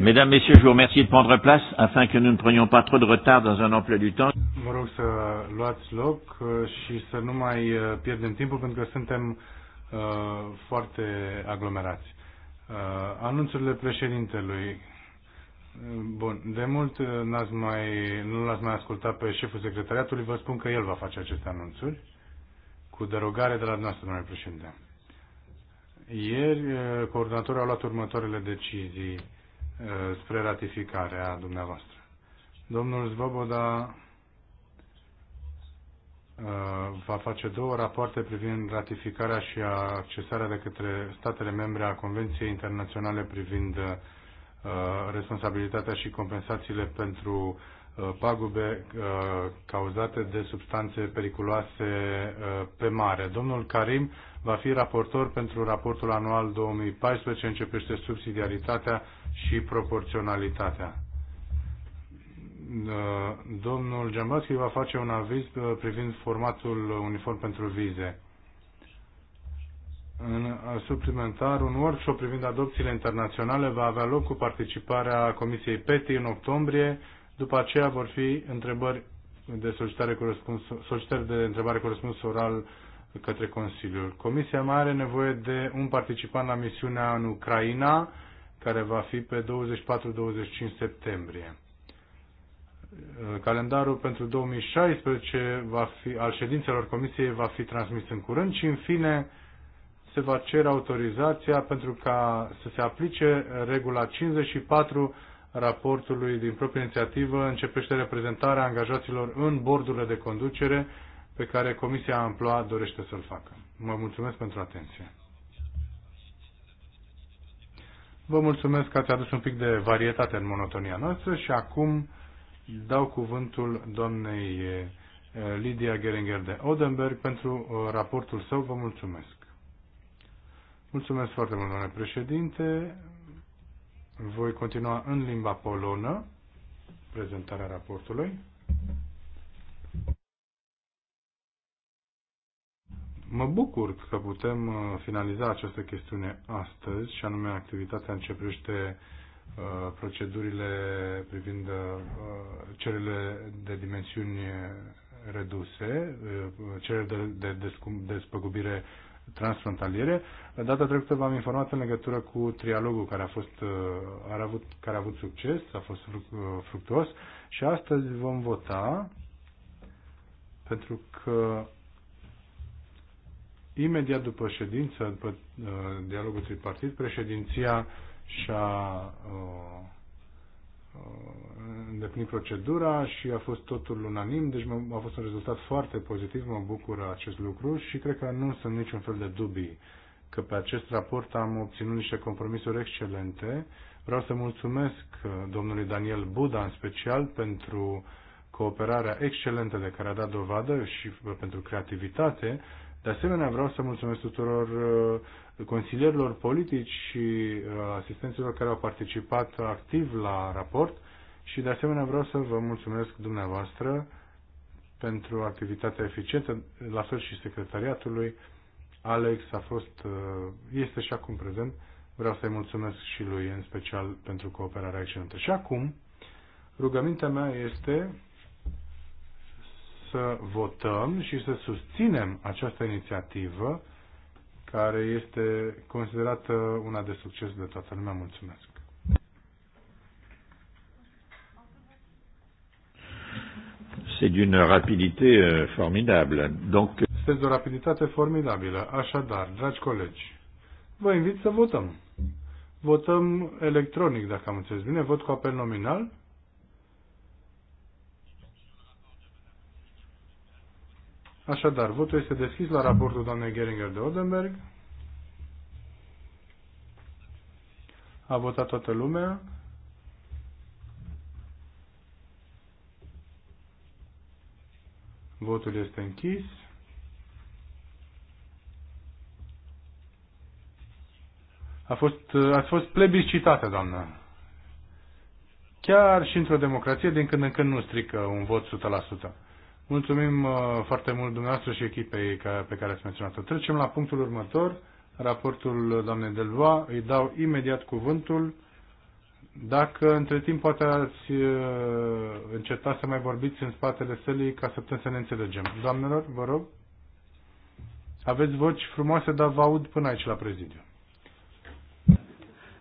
Mesdames, Messieurs, je vous remercie de prendre place afin que nous ne prenions pas trop de retard dans un emploi du temps. Mă rog să luați loc uh, și să nu mai uh, pierdem timpul pentru că suntem uh, foarte aglomerați. Uh, anunțurile președintelui. Uh, bun, de mult n-ați mai, nu l-ați mai ascultat pe șeful secretariatului, vă spun că el va face aceste anunțuri, cu derogare de la dumneavoastră, domnule președinte. Ieri, coordonatorul a luat următoarele decizii Uh, spre ratificarea dumneavoastră. Domnul Zvoboda uh, va face două rapoarte privind ratificarea și accesarea de către statele membre a Convenției Internaționale privind uh, responsabilitatea și compensațiile pentru pagube cauzate de substanțe periculoase pe mare. Domnul Karim va fi raportor pentru raportul anual 2014 în ce subsidiaritatea și proporționalitatea. Ă, domnul Giambaschi va face un aviz ă, privind formatul uniform pentru vize. În ă, suplimentar, un workshop privind adopțiile internaționale va avea loc cu participarea Comisiei PETI în octombrie. După aceea vor fi întrebări de solicitare cu răspuns, solicitări de întrebare cu răspuns oral către Consiliul. Comisia mai are nevoie de un participant la misiunea în Ucraina care va fi pe 24-25 septembrie. Calendarul pentru 2016 va fi, al ședințelor comisiei va fi transmis în curând și, în fine, se va cere autorizația pentru ca să se aplice regula 54 raportului din proprie inițiativă începește reprezentarea angajaților în bordurile de conducere pe care Comisia Amploa dorește să-l facă. Mă mulțumesc pentru atenție. Vă mulțumesc că ați adus un pic de varietate în monotonia noastră și acum dau cuvântul doamnei eh, Lydia Geringer de Odenberg pentru eh, raportul său. Vă mulțumesc. Mulțumesc foarte mult, domnule președinte. Voi continua în limba polonă prezentarea raportului. Mă bucur că putem uh, finaliza această chestiune astăzi, și anume activitatea începește uh, procedurile privind uh, cererile de dimensiuni reduse, cererile de, de despăgubire transfrontaliere. Data trecută v-am informat în legătură cu trialogul care a, fost, a avut, care a avut succes, a fost fructuos și astăzi vom vota pentru că imediat după ședință, după uh, dialogul tripartit, președinția și-a uh, uh, îndeplinit procedura și a fost totul unanim, deci a fost un rezultat foarte pozitiv, mă bucură acest lucru și cred că nu sunt niciun fel de dubii că pe acest raport am obținut niște compromisuri excelente. Vreau să mulțumesc uh, domnului Daniel Buda în special pentru cooperarea excelentă de care a dat dovadă și uh, pentru creativitate de asemenea, vreau să mulțumesc tuturor uh, consilierilor politici și uh, asistenților care au participat activ la raport și, de asemenea, vreau să vă mulțumesc dumneavoastră pentru activitatea eficientă, la fel și secretariatului. Alex a fost, uh, este și acum prezent. Vreau să-i mulțumesc și lui, în special, pentru cooperarea excelentă. Și acum, rugămintea mea este să votăm și să susținem această inițiativă care este considerată una de succes de toată lumea. Mulțumesc! C'est d'une rapidité euh, formidable. Donc... Este de o rapiditate formidabilă. Așadar, dragi colegi, vă invit să votăm. Votăm electronic, dacă am înțeles bine, vot cu apel nominal. Așadar, votul este deschis la raportul doamnei Geringer de Odenberg. A votat toată lumea. Votul este închis. A fost, ați fost plebiscitată, doamnă. Chiar și într-o democrație, din când în când nu strică un vot 100%. Mulțumim uh, foarte mult dumneavoastră și echipei pe care ați menționat-o. Trecem la punctul următor, raportul doamnei Delva. Îi dau imediat cuvântul. Dacă între timp poate ați uh, încetat să mai vorbiți în spatele sălii ca să putem să ne înțelegem. Doamnelor, vă rog. Aveți voci frumoase, dar vă aud până aici la prezidiu.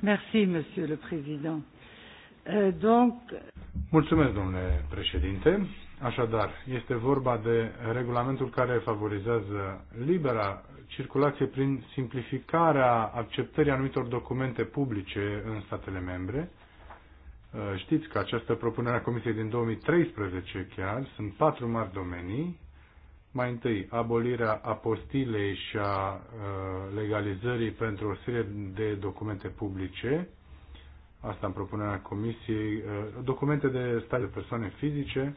Merci, monsieur le président. Euh, donc... Mulțumesc, domnule președinte. Așadar, este vorba de regulamentul care favorizează libera circulație prin simplificarea acceptării anumitor documente publice în statele membre. Uh, știți că această propunere a Comisiei din 2013 chiar, sunt patru mari domenii. Mai întâi, abolirea apostilei și a uh, legalizării pentru o serie de documente publice. Asta în propunerea Comisiei. Uh, documente de stat de persoane fizice,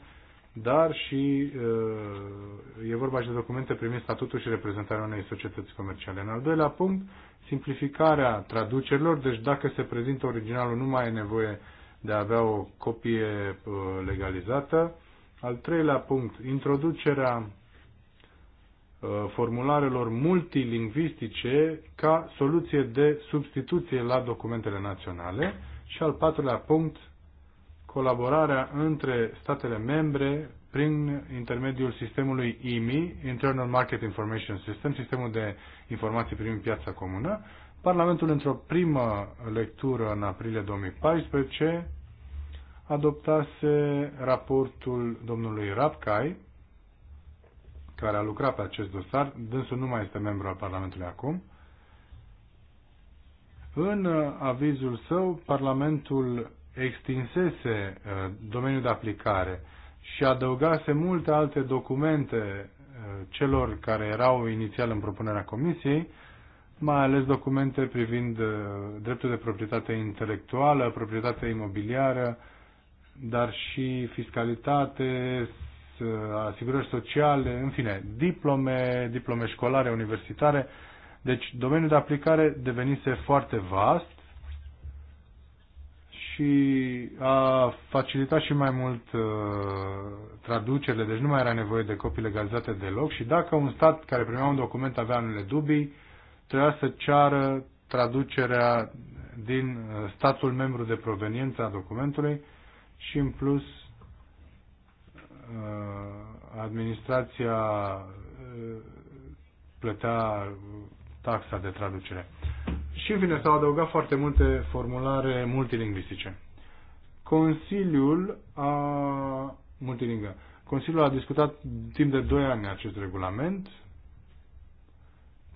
dar și uh, e vorba și de documente primind statutul și reprezentarea unei societăți comerciale. În al doilea punct, simplificarea traducerilor, deci dacă se prezintă originalul nu mai e nevoie de a avea o copie uh, legalizată. Al treilea punct, introducerea uh, formularelor multilingvistice ca soluție de substituție la documentele naționale. Și al patrulea punct, colaborarea între statele membre prin intermediul sistemului IMI, Internal Market Information System, sistemul de informații privind piața comună. Parlamentul, într-o primă lectură în aprilie 2014, adoptase raportul domnului Rapcai, care a lucrat pe acest dosar, dânsul nu mai este membru al Parlamentului acum. În avizul său, Parlamentul extinsese uh, domeniul de aplicare și adăugase multe alte documente uh, celor care erau inițial în propunerea comisiei, mai ales documente privind uh, dreptul de proprietate intelectuală, proprietate imobiliară, dar și fiscalitate, asigurări sociale, în fine, diplome, diplome școlare, universitare. Deci domeniul de aplicare devenise foarte vast și a facilitat și mai mult uh, traducerile, deci nu mai era nevoie de copii legalizate deloc și dacă un stat care primea un document avea unele dubii, trebuia să ceară traducerea din uh, statul membru de proveniență a documentului și în plus uh, administrația uh, plătea taxa de traducere. Și în fine s-au adăugat foarte multe formulare multilingvistice. Consiliul a Multilingă. Consiliul a discutat timp de 2 ani acest regulament,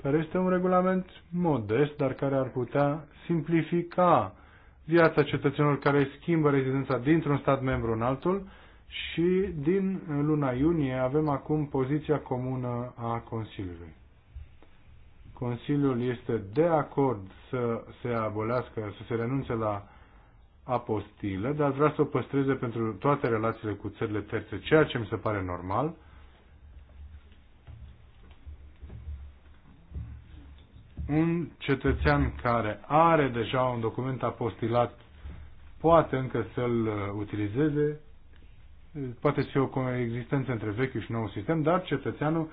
care este un regulament modest, dar care ar putea simplifica viața cetățenilor care schimbă rezidența dintr-un stat membru în altul și din luna iunie avem acum poziția comună a Consiliului. Consiliul este de acord să se abolească, să se renunțe la apostilă, dar vrea să o păstreze pentru toate relațiile cu țările terțe, ceea ce mi se pare normal. Un cetățean care are deja un document apostilat poate încă să-l uh, utilizeze, poate fi o coexistență între vechiul și nou sistem, dar cetățeanul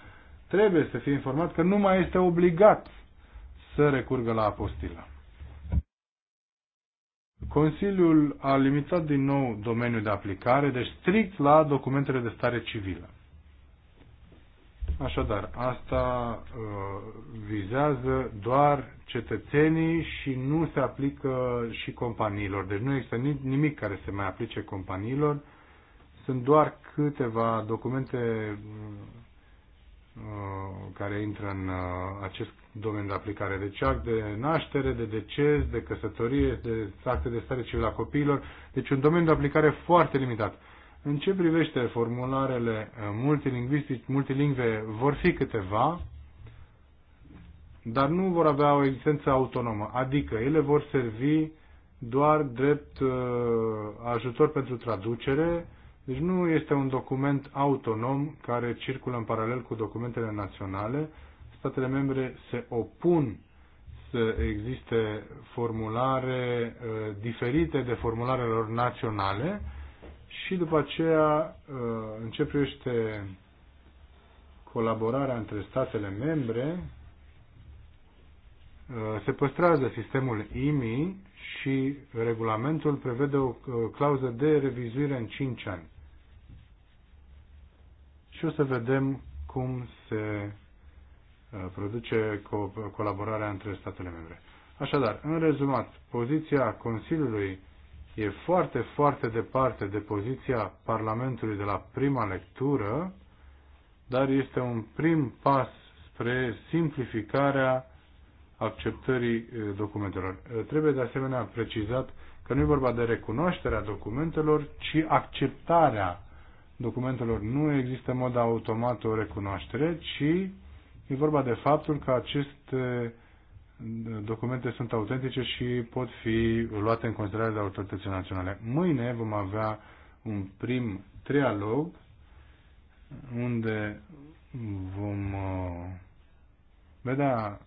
trebuie să fie informat că nu mai este obligat să recurgă la apostilă. Consiliul a limitat din nou domeniul de aplicare, deci strict la documentele de stare civilă. Așadar, asta uh, vizează doar cetățenii și nu se aplică și companiilor. Deci nu există nimic care se mai aplice companiilor. Sunt doar câteva documente Uh, care intră în uh, acest domeniu de aplicare. Deci act de naștere, de deces, de căsătorie, de acte de stare civilă a copiilor. Deci un domeniu de aplicare foarte limitat. În ce privește formularele uh, multilingve, vor fi câteva, dar nu vor avea o existență autonomă. Adică ele vor servi doar drept ajutor pentru traducere, deci nu este un document autonom care circulă în paralel cu documentele naționale. Statele membre se opun să existe formulare uh, diferite de formularelor naționale și după aceea uh, începește colaborarea între statele membre, uh, se păstrează sistemul IMI și regulamentul prevede o clauză de revizuire în 5 ani și o să vedem cum se uh, produce co- colaborarea între statele membre. Așadar, în rezumat, poziția Consiliului e foarte, foarte departe de poziția Parlamentului de la prima lectură, dar este un prim pas spre simplificarea acceptării uh, documentelor. Uh, trebuie de asemenea precizat că nu e vorba de recunoașterea documentelor, ci acceptarea documentelor nu există în mod automat o recunoaștere, ci e vorba de faptul că aceste documente sunt autentice și pot fi luate în considerare de autoritățile naționale. Mâine vom avea un prim trialog unde vom uh, vedea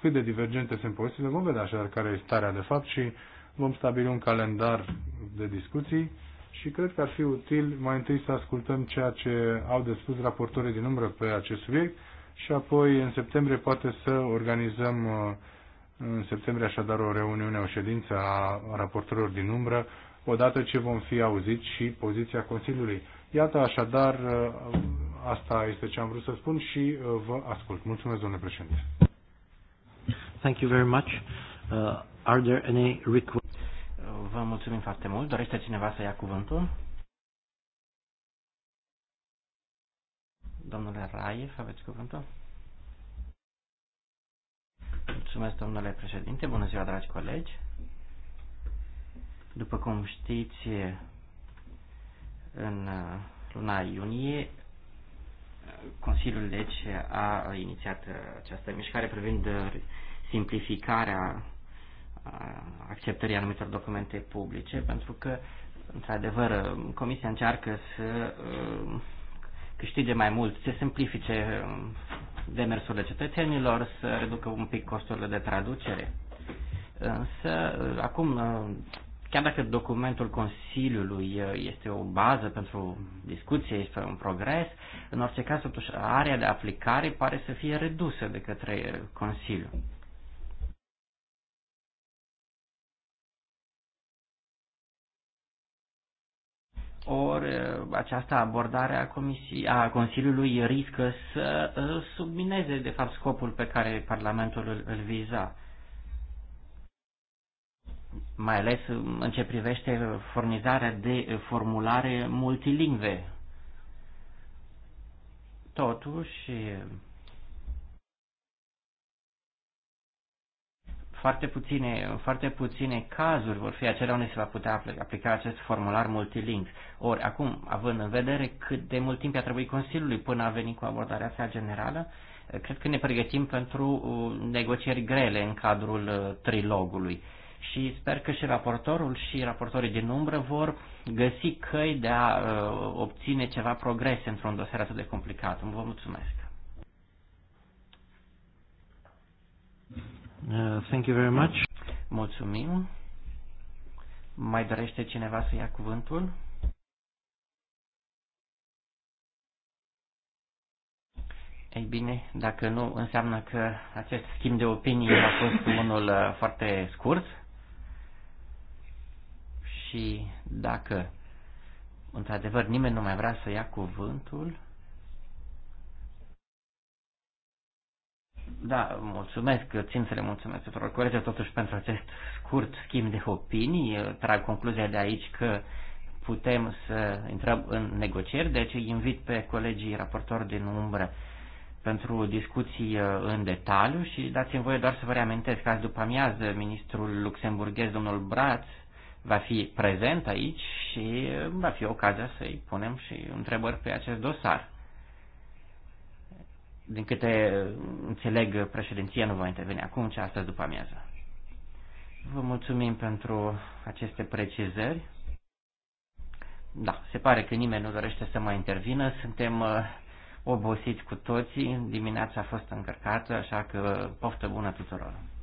cât de divergente sunt pozițiile, vom vedea așadar care e starea de fapt și vom stabili un calendar de discuții și cred că ar fi util mai întâi să ascultăm ceea ce au de spus raportorii din umbră pe acest subiect și apoi în septembrie poate să organizăm uh, în septembrie așadar o reuniune, o ședință a raportorilor din umbră odată ce vom fi auziți și poziția Consiliului. Iată așadar, uh, asta este ce am vrut să spun și uh, vă ascult. Mulțumesc, domnule președinte. Thank you very much. Uh, are there any requests? Vă mulțumim foarte mult. Dorește cineva să ia cuvântul? Domnule Raif, aveți cuvântul? Mulțumesc, domnule președinte. Bună ziua, dragi colegi. După cum știți, în luna iunie, Consiliul Lege deci a inițiat această mișcare privind simplificarea acceptării anumitor documente publice, pentru că, într-adevăr, Comisia încearcă să uh, câștige mai mult, să simplifice uh, demersurile cetățenilor, să reducă un pic costurile de traducere. Însă, uh, acum, chiar dacă documentul Consiliului este o bază pentru discuție, este un progres, în orice caz, totuși, area de aplicare pare să fie redusă de către Consiliu. Ori uh, această abordare a, comisii, a Consiliului riscă să uh, submineze, de fapt, scopul pe care Parlamentul îl, îl viza mai ales uh, în ce privește furnizarea de formulare multilingve. Totuși, Foarte puține, foarte puține cazuri vor fi acele unde se va putea aplica acest formular multilink. Ori, acum, având în vedere cât de mult timp a trebuit Consiliului până a venit cu abordarea sa generală, eh, cred că ne pregătim pentru uh, negocieri grele în cadrul uh, trilogului. Și sper că și raportorul și raportorii din umbră vor găsi căi de a uh, obține ceva progres într-un dosar atât de complicat. Vă mulțumesc! Uh, thank you very much. Mulțumim. Mai dorește cineva să ia cuvântul? Ei bine, dacă nu, înseamnă că acest schimb de opinii a fost unul uh, foarte scurt și dacă într-adevăr nimeni nu mai vrea să ia cuvântul, Da, mulțumesc, țin să le mulțumesc tuturor colegilor totuși pentru acest scurt schimb de opinii. trag concluzia de aici că putem să intrăm în negocieri, deci îi invit pe colegii raportori din umbră pentru discuții uh, în detaliu și dați-mi voie doar să vă reamintesc că azi după amiază ministrul luxemburghez, domnul Braț, va fi prezent aici și uh, va fi ocazia să-i punem și întrebări pe acest dosar. Din câte uh, înțeleg, președinția nu va interveni acum, ci astăzi după amiază. Vă mulțumim pentru aceste precizări. Da, se pare că nimeni nu dorește să mai intervină. Suntem uh, obosiți cu toții, dimineața a fost încărcată, așa că poftă bună tuturor!